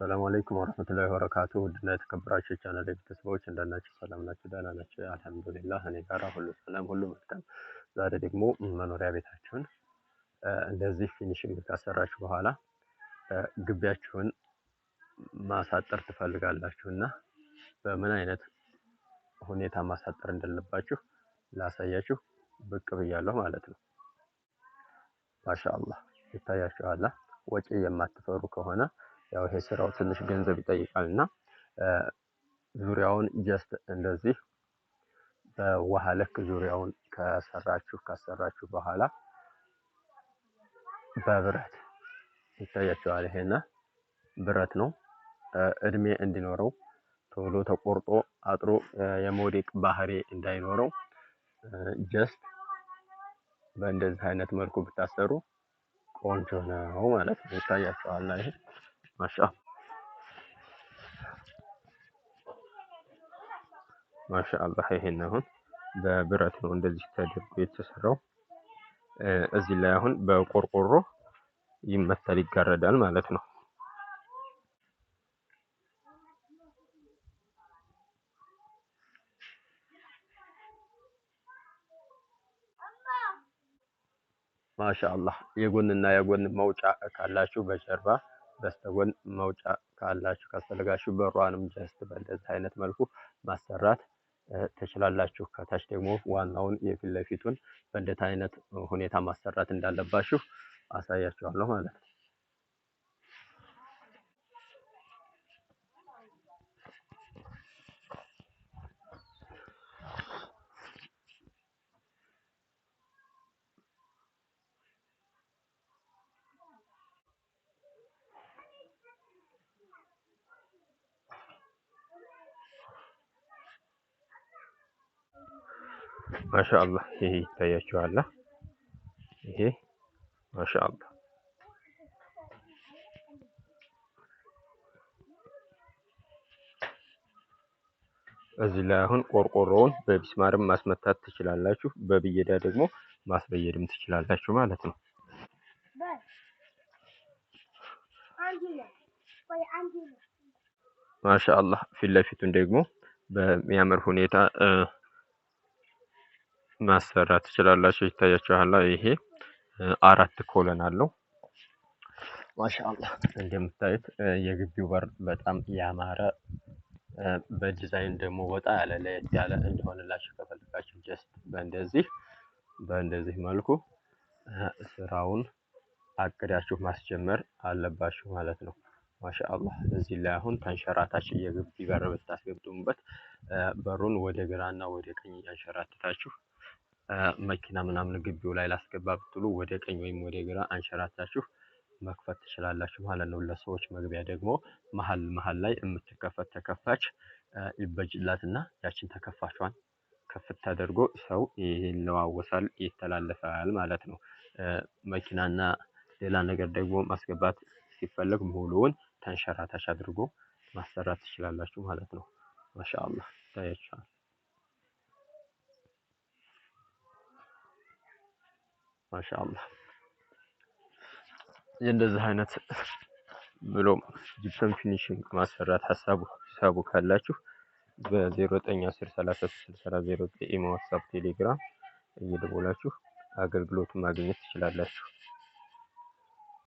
ሰላም አለይኩም ወራህመቱላሂ ወበረካቱ ውድና የተከበራችሁ የቻናል ቤተሰቦች እንደናችሁ ሰላም ናችሁ? ደህና ናችሁ? አልሐምዱሊላህ እኔ ጋራ ሁሉ ሰላም፣ ሁሉ መልካም። ዛሬ ደግሞ መኖሪያ ቤታችሁን እንደዚህ ፊኒሽንግ ካሰራችሁ በኋላ ግቢያችሁን ማሳጠር ትፈልጋላችሁ እና በምን አይነት ሁኔታ ማሳጠር እንዳለባችሁ ላሳያችሁ ብቅ ብያለሁ ማለት ነው። ማሻአላህ ይታያችኋላ። ወጪ የማትፈሩ ከሆነ ያው ይሄ ስራው ትንሽ ገንዘብ ይጠይቃል እና ዙሪያውን ጀስት እንደዚህ በውሃ ልክ ዙሪያውን ከሰራችሁ ካሰራችሁ በኋላ በብረት ይታያቸዋል። ይሄና ብረት ነው። እድሜ እንዲኖረው ቶሎ ተቆርጦ አጥሮ የመውደቅ ባህሪ እንዳይኖረው ጀስት በእንደዚህ አይነት መልኩ ብታሰሩ ቆንጆ ነው ማለት ነው። ይታያቸዋል ይሄ Masha ማሻአላህ ይሄን አሁን በብረት ነው እንደዚህ ተደርጎ የተሰራው። እዚህ ላይ አሁን በቆርቆሮ ይመታል ይጋረዳል ማለት ነው። ማሻአላህ የጎንና የጎን መውጫ ካላችሁ በጀርባ በስተጎን መውጫ ካላችሁ ካስፈልጋችሁ በሯንም ጀስት በእንደዚህ አይነት መልኩ ማሰራት ትችላላችሁ። ከታች ደግሞ ዋናውን የፊት ለፊቱን በእንደት አይነት ሁኔታ ማሰራት እንዳለባችሁ አሳያችኋለሁ ማለት ነው። ማሻአላህ ይሄ ይታያችኋል። ይሄ ማሻአላህ እዚህ ላይ አሁን ቆርቆሮውን በሚስማርም ማስመታት ትችላላችሁ፣ በብየዳ ደግሞ ማስበየድም ትችላላችሁ ማለት ነው። ማሻአላህ ፊት ለፊቱን ደግሞ በሚያምር ሁኔታ ማሰራት ትችላላችሁ። ይታያችኋል። ይሄ አራት ኮለን አለው። ማሻአላ እንደምታዩት የግቢው በር በጣም ያማረ በዲዛይን ደግሞ ወጣ ያለ ለየት ያለ እንዲሆንላችሁ ከፈልጋችሁ ጀስት በእንደዚህ በእንደዚህ መልኩ ስራውን አቅዳችሁ ማስጀመር አለባችሁ ማለት ነው። ማሻአላ እዚህ ላይ አሁን ተንሸራታች የግቢ በር ብታስገቡበት በሩን ወደ ግራና ወደ ቀኝ እያንሸራትታችሁ መኪና ምናምን ግቢው ላይ ላስገባ ብትሉ ወደ ቀኝ ወይም ወደ ግራ አንሸራታችሁ መክፈት ትችላላችሁ ማለት ነው። ለሰዎች መግቢያ ደግሞ መሀል መሀል ላይ የምትከፈት ተከፋች ይበጅላትና ያችን ተከፋቿን ከፍት ተደርጎ ሰው ይለዋወሳል፣ ይተላለፋል ማለት ነው። መኪናና ሌላ ነገር ደግሞ ማስገባት ሲፈለግ ሙሉውን ተንሸራታች አድርጎ ማሰራት ትችላላችሁ ማለት ነው። ማሻአላህ ታያችኋል። ማሻአላህ የእንደዚህ አይነት ብሎም ጂፕሰም ፊኒሽንግ ማሰራት ሀሳቡ ሂሳቡ ካላችሁ በ0910336009 ኢሞ፣ ዋትሳፕ፣ ቴሌግራም እየደወላችሁ አገልግሎት ማግኘት ትችላላችሁ።